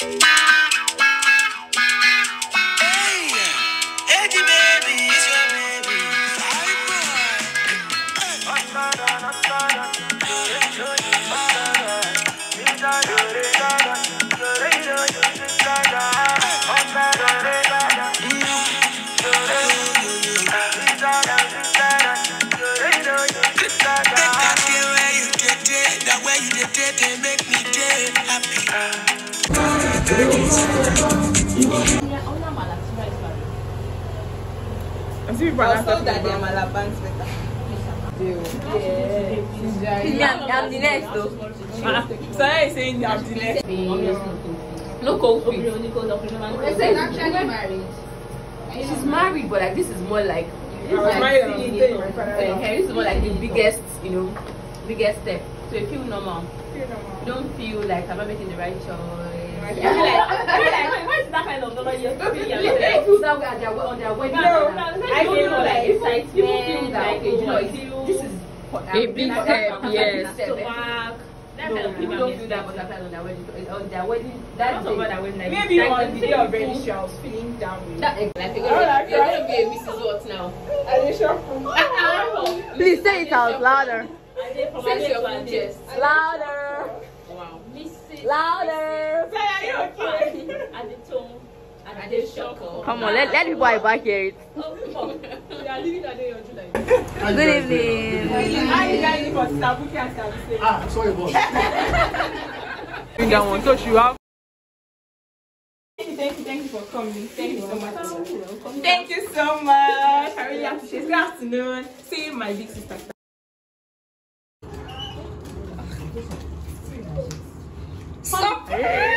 Bye. I'm seeing also they are Malabans Yeah. Yeah. I'm the I'm the She's married. but like this is more like. Okay, this is more like the biggest, you know, biggest step. So you feel normal. don't feel like I'm not making the right choice right like, like, is that kind of dollar you're feeling? They feel that way at their, on their wedding. No, no, no. I feel like excitement. People feel that, okay, you know, this is a big step, yes. no, people don't do that, but that's on their wedding. On their wedding, that day. Their wedding, maybe like, on the day of registry, I was feeling down. With You're gonna, be a Mrs. What now? Anisha from. Please say it out louder. Say it yes. Louder. Louder. And the tone. And the chuckle. Come on, let, let people back on July. Good evening. How you guys for Sabuki and Sabuki? Ah, sorry, boss. that one, so she have thank you, thank you for coming. Thank you so much. Thank you so much. I really appreciate it. Good afternoon. See you, my big sister. Stop!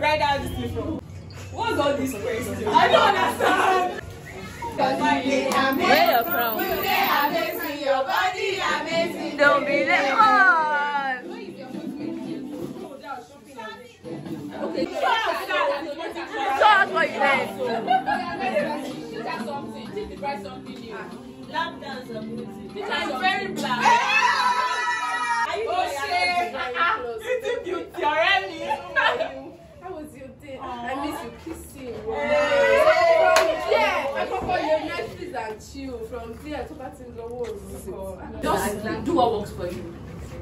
bride has this thing from? What's all this question? I don't understand. Where you from? Amazing, your body amazing. Don't be there. Okay. Show us what you did. Teach something. Teach the bride something new. Lap dance and music. Teach her very black. Are you oh, shit. It's a beauty already. I miss you kissing. Ẹ kọ́kọ́ yẹ Netflix and chill from here to bá ti ń Just do what works for you.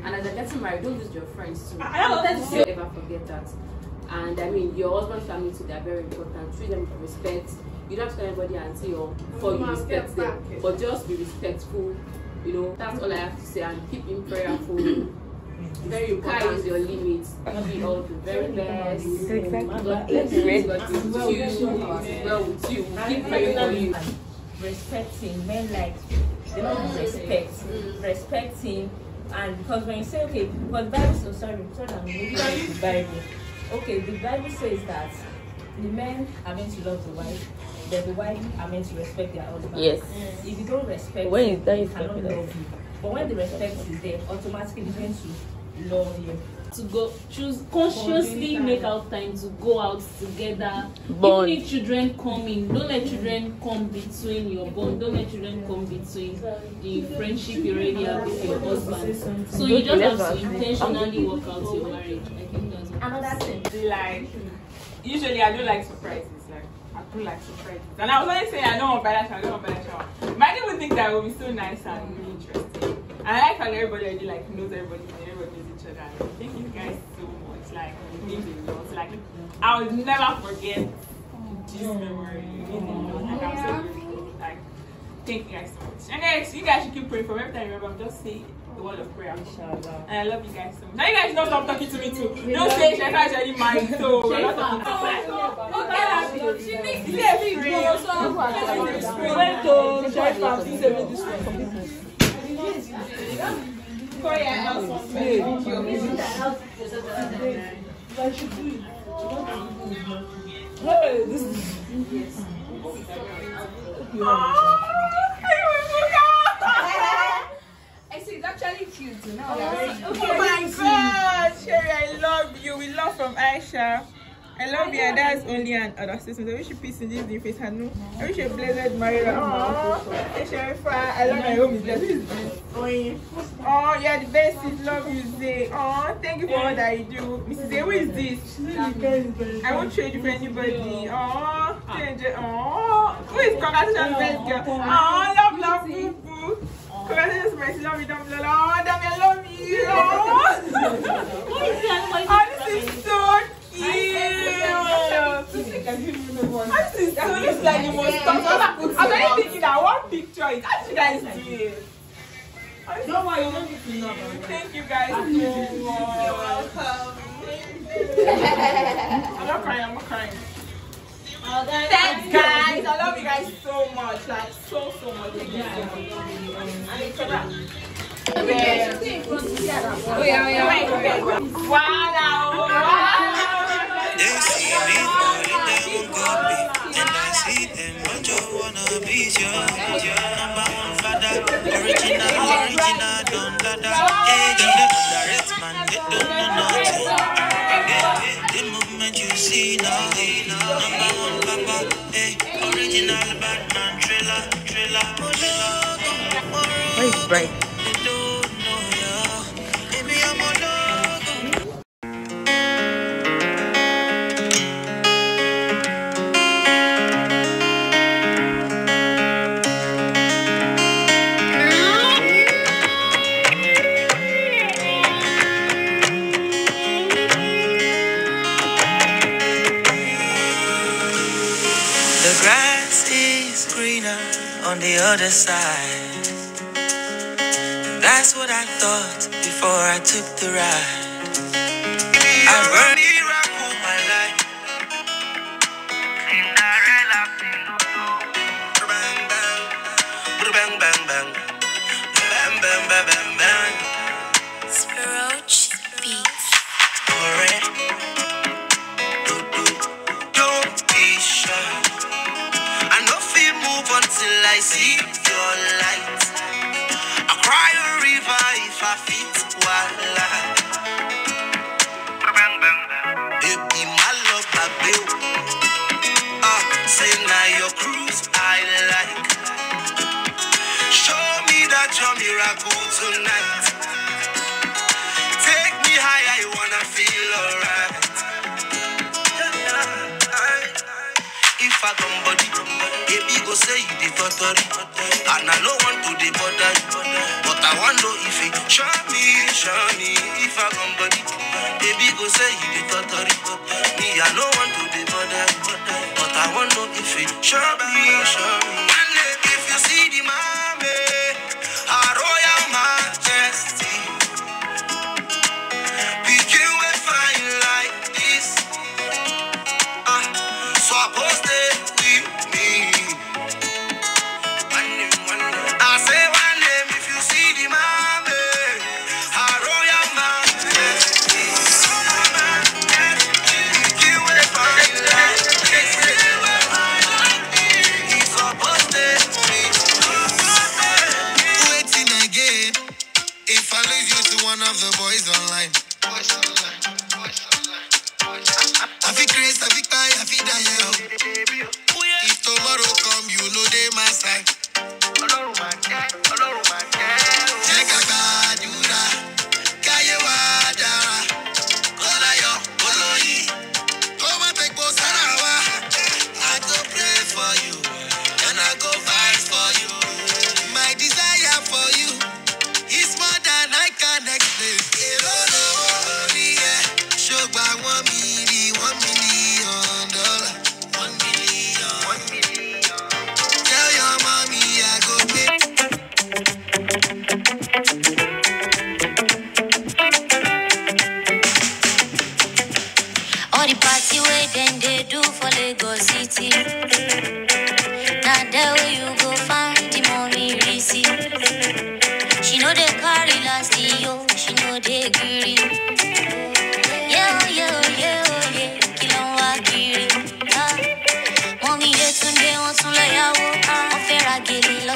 And as I get married, don't lose your friends too. I don't let you ever forget that. And I mean, your husband family too, they're very important. Treat them with respect. You don't have to tell anybody until you're, before you respect them. But just be respectful, you know. That's all I have to say. And keep in prayerful. very important. your limits. Be all the very best. Exactly. God bless Well, God with you. Well with you. Keep praying for you. Respecting men like they don't respect. Respecting and because when you say okay, but the Bible so sorry, sorry, I'm moving the Bible. Okay, the Bible says that the men are meant to love the wife, but the wife are meant to respect their husband. Yes. If you don't respect, when is that you cannot love you. But when the respect is there, automatically you to love you to go choose consciously make out time to go out together Born. even if children come in don't let children come between your bond don't let children come between the friendship you already have with your husband so you just have to intentionally work out your marriage i think that's another thing like usually i don't like surprises like I don't like surprises. And I was always saying I don't want buy that I don't want buy that shower. But think that it would be so nice and interesting. And I like how everybody already like knows everybody thank you guys so much. Like, you mean the lot. Like, I will never forget this memory. You mean the lot. Like, I'm so grateful. Like, thank you guys so much. And guys, you guys should keep praying for me. Every time I remember, I'm just saying the word of prayer. Inshallah. And I love you guys so much. Now you guys know not stop talking to me too. We don't say Shekha is already married, so we're not talking to her. Oh, okay, she makes me free. free. So, went to Shekha, please, every this one. Yes, the. did. Corey It's actually cute, Oh, my Sherry, I love you. We love from Aisha. I love you, and that's only an other system. I wish you peace in this new face, Hanu. I wish you blessed married. Aww, Sharifa, I love my home is blessed. Who is this? Oh, yeah, the best is love you, Zay. Oh, thank you for all that you do. Mrs. Zay, who is this? I won't trade you for anybody. Oh, change it. Oh, who is congratulations, best girl? Oh, love, love, boo, boo. Congratulations, my love you, Dom Lola. Oh, Dom, I love you. Oh, this is so I like the most I'm only thinking that one picture is how you guys do it. do you not Thank you guys so much. You're welcome. I'm not crying, I'm not crying. Thanks guys, I love you guys so much, like so so much. Thank you so much. And each other. Yeah. Oh yeah, yeah. Wow, wow. They see me falling down copy, and I see them wanna be number one father, original, original, don't the man, The movement you see now, number one papa, hey, original Batman Please break. other side. That's what I thought before I took the ride. I run I tonight. Take me high, I wanna feel alright. If I come body, baby go say you the factory, and I don't want to the bother But I wonder if it show me, show me. If I come body, baby go say you the factory, me I don't want to the bother But I wonder if it show me, show me.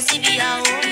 se via hoje.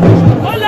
Let's go.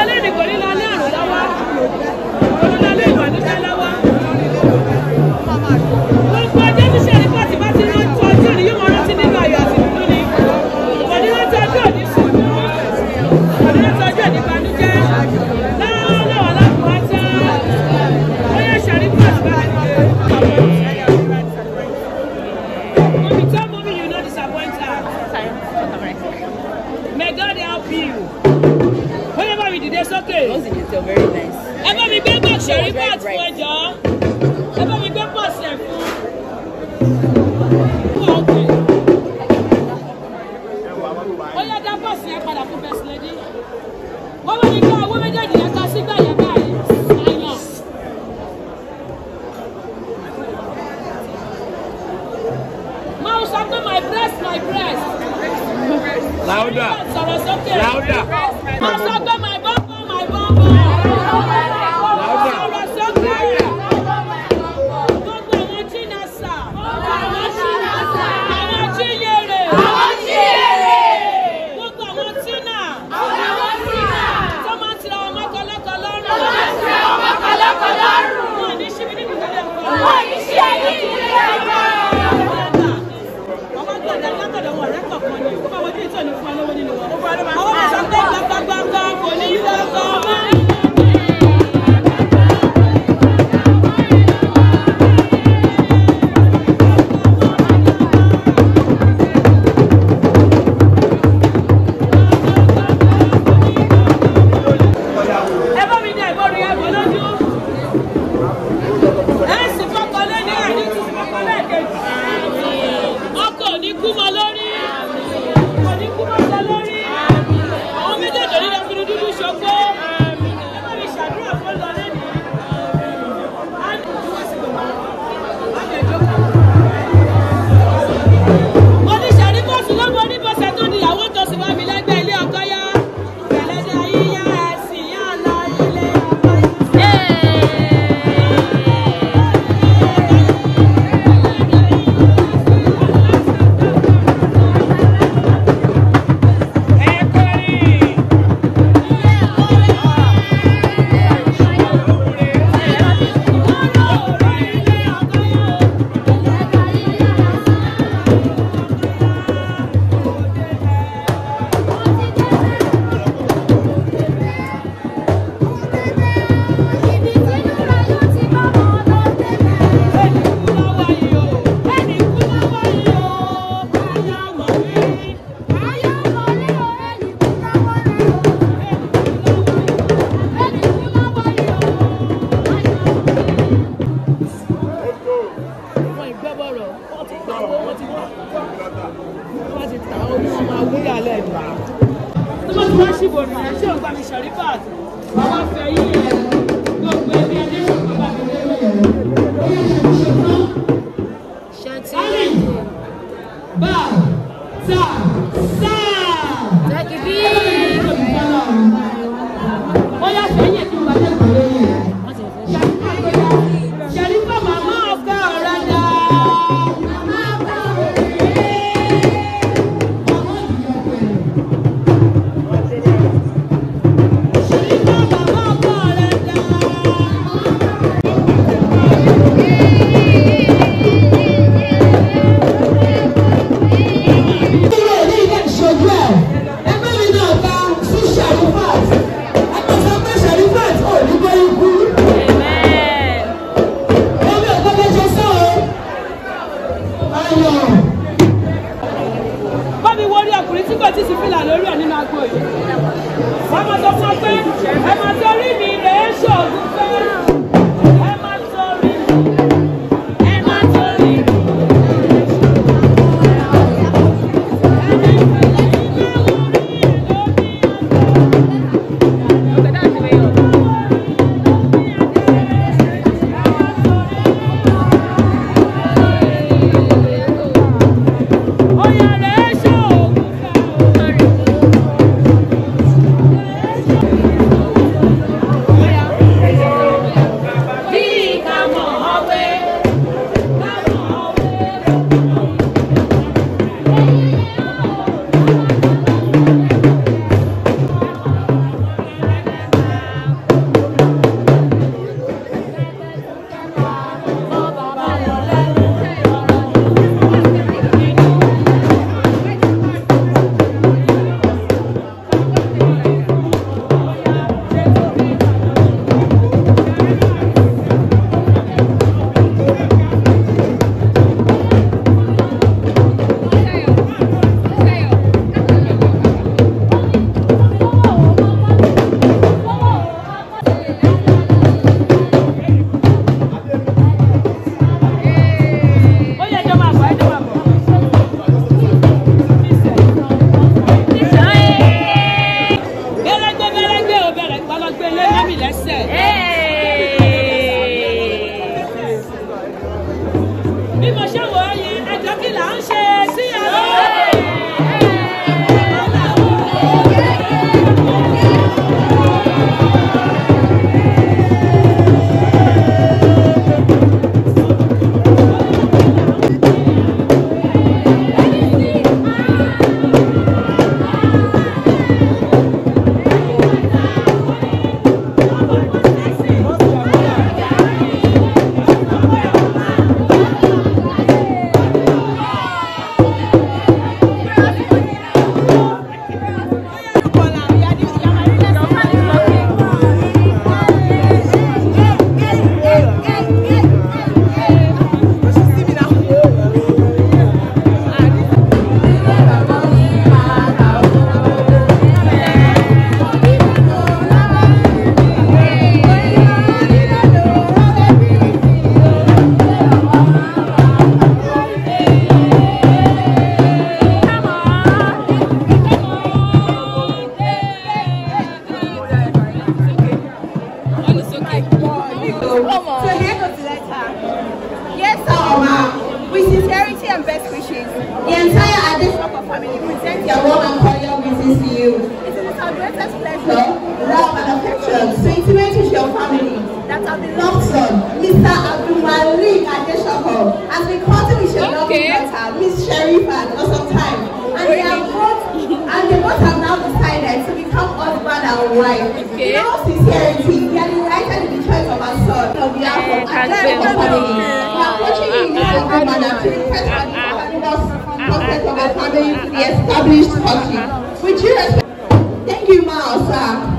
Mr. Abdul Malik Adeshoko has been courting with okay. lovely daughter, Miss Sherifa, for some time. And they have both and they both have now decided to become husband and wife. Okay. In all sincerity, they are delighted with the choice of our son. So we are from Adele Company. We are approaching you now as a man to request for the prospect of our family to be established country. With due respect, thank you, Ma, sir.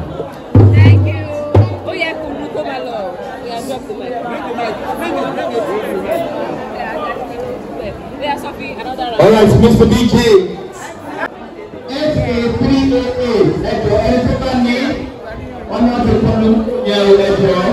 All right, Mr. DJ. SA388, ẹjọ́ ẹni tó bá ní ọ̀nà tó kọ́ ló yeah.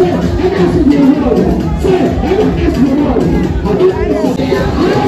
Say, I'm asking you. Say, I'm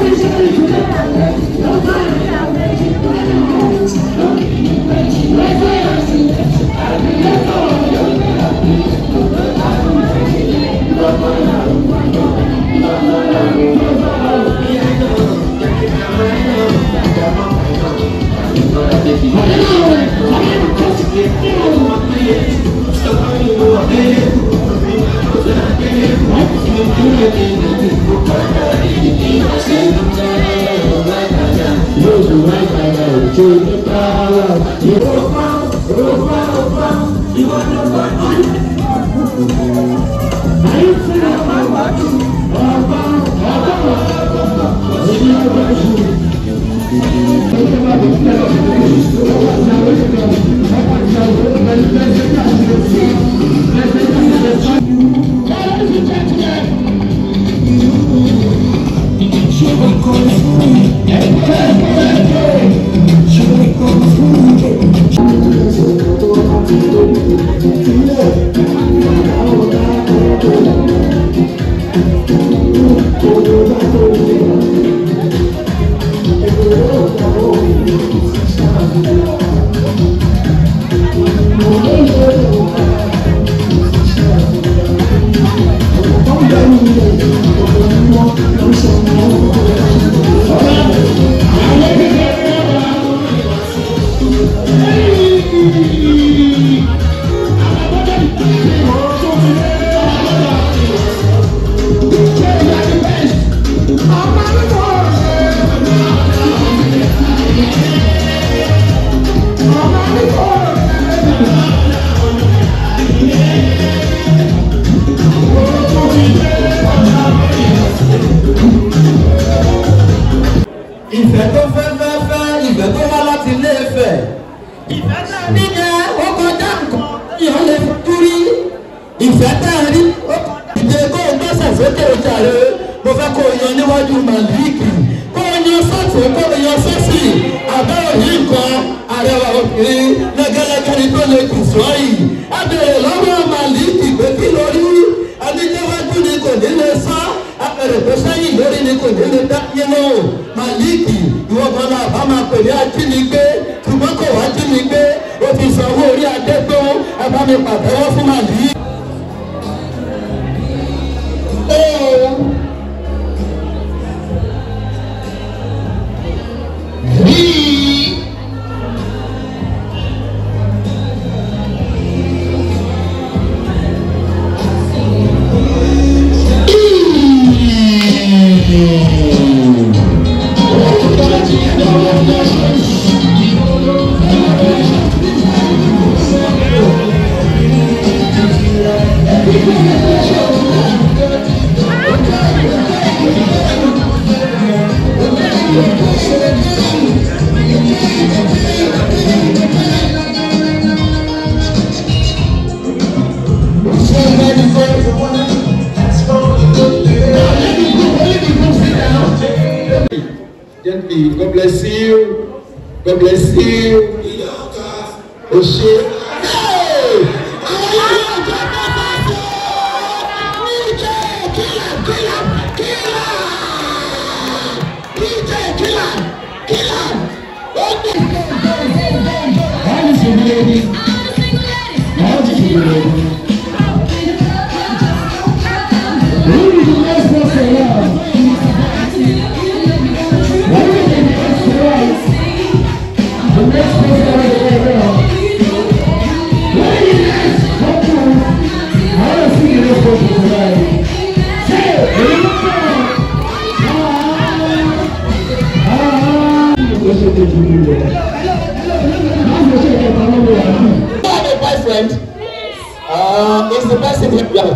pè ní ajínigbé ṣùgbọ́n kò wá jínigbé ó ti sanwó orí adé tó ẹ bá mi pàtẹ́wọ́ fún màlí.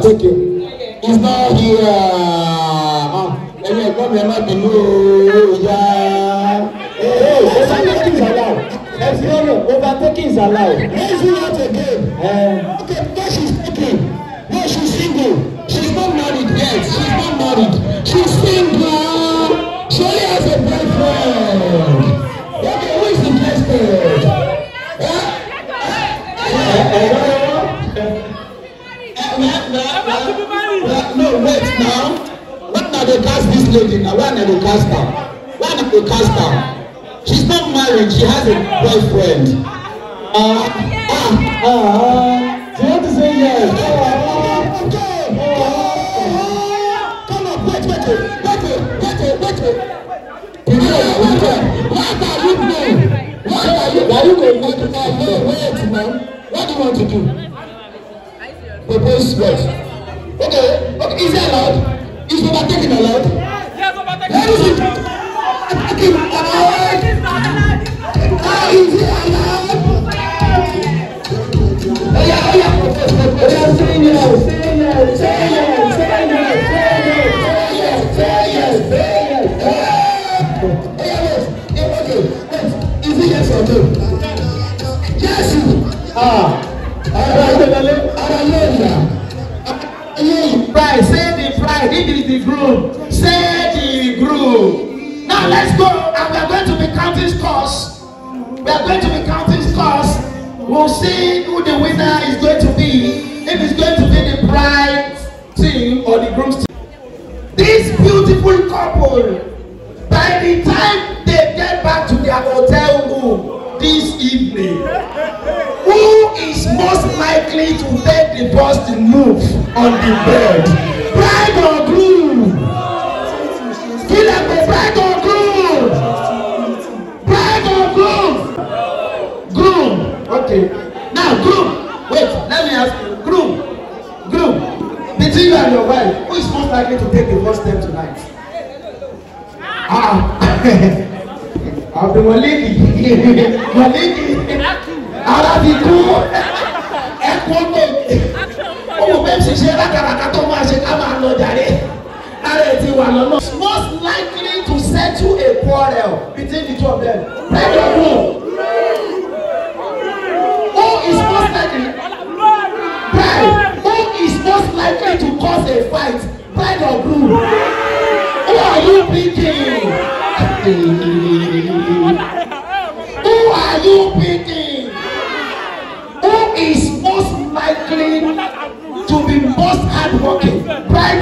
Take care. That, no, wait now. When na dey cast this lady na why na dey cast am? Why na dey cast am? She's not married, she has a boyfriend. Uh, ah, ah, ah. Do you say yes? okay. come on, wait, wait, wait, wait, wait, wait. What are you doing? What are you doing? Are you going to do? Wait, man. What do you want to do? Propose what? Okay, okay, is that allowed? Is overtaking allowed? Yes, yes, overtaking. Where is it? Overtaking allowed? is it allowed? Oh, oh, oh yeah, oh yeah. Oh yeah, say yes, say yes, say yes, say yes, say Okay, yes. Is it yes or no? Yes. Ah. All right. Groom, Say the groom. Now let's go and we are going to be counting scores. We are going to be counting scores. We'll see who the winner is going to be. If it's going to be the bride team or the groom's team. This beautiful couple, by the time they get back to their hotel room this evening, who is most likely to take the first move on the bed? fẹ́ gọ̀ọ̀gùn kí lè pè fẹ́ gọ̀ọ̀gùn fẹ́ gọ̀ọ̀gùn gùn okay now gùn wait let me ask you gùn gùn between you and your wife who is most likely to take the first step tonight ah àbí wọlé ni wọlé ni ara ti kú ẹ̀kọ́ tó wò pé ṣiṣẹ́ rákàràkà tó máa ṣe ká máa lọ jàre ara ti wà lọ́nà. most likely to settle a quarrel between the two of them. pẹ̀lú who? who is most likely? who is most likely to cause a fight? bride or groom? who are you picking? who are you picking?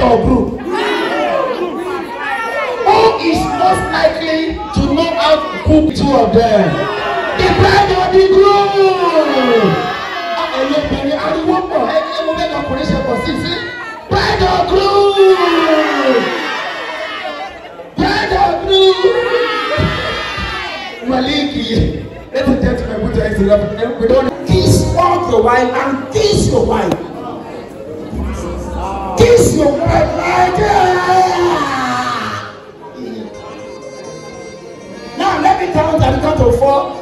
your group who is most likely to know how to cook two of them the bride of the groom ah, ẹ̀yin obìnrin ariwo pọ̀ ẹ̀yin mo fẹ́ lọkùnrin ṣe pọ̀ sí sí bride of groom bride of groom maliki let me tell you my good advice we don kiss all the while and kiss your wife. Kiss your bride like that. Now let me count at the count of four.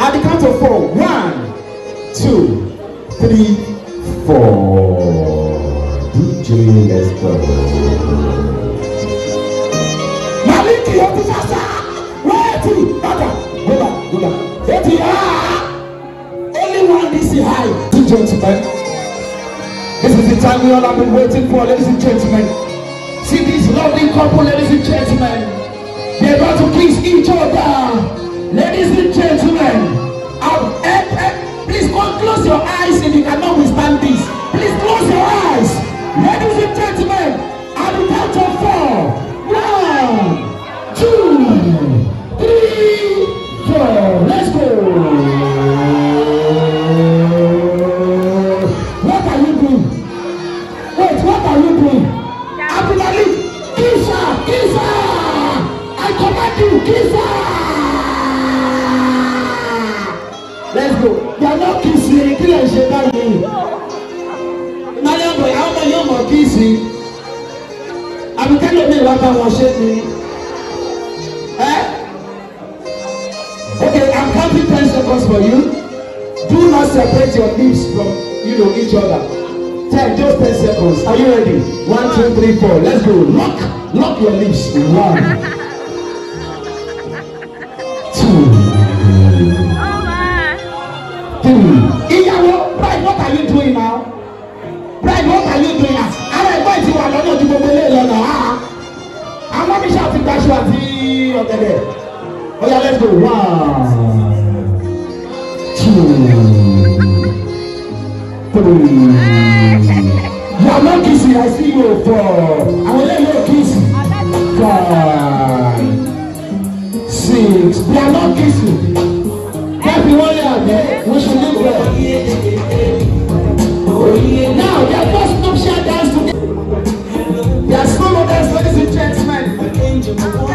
At the count of four. One, two, three, four. DJ, let's go. Maliki, what is that? Wait, go back, go back, go back. Only one this high. Two gentlemen. This is the time we all have been waiting for, ladies and gentlemen. See this lovely couple, ladies and gentlemen. They're about to kiss each other. Ladies and gentlemen, I've, I've, eh, eh, please oh, close your eyes if you cannot whisper. kíìsì ni kí lè ṣe báyìí mariam àwọn ọmọ yóò mọ kíìsì àbíkẹ́lẹ́ mi wá bá wọn ṣe ni ẹ okay i'm counting ten seconds for you do not separate your lips from you know, each other ten just ten seconds are you ready one two three four let's go lock lock your lips one. cashew àti ọ̀gẹ̀dẹ̀ oya let's go one two three you are not kissing I see you for àwọn eléyìí ò kiss five six you are not kissing kẹ́bi wọ́n lé àgbẹ̀ wọ́n ṣe ní ìgbẹ́. now they are first. the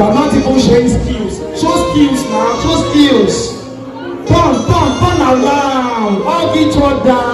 are not even showing skills. Show skills now. Show skills. Turn, turn, turn around. All each other.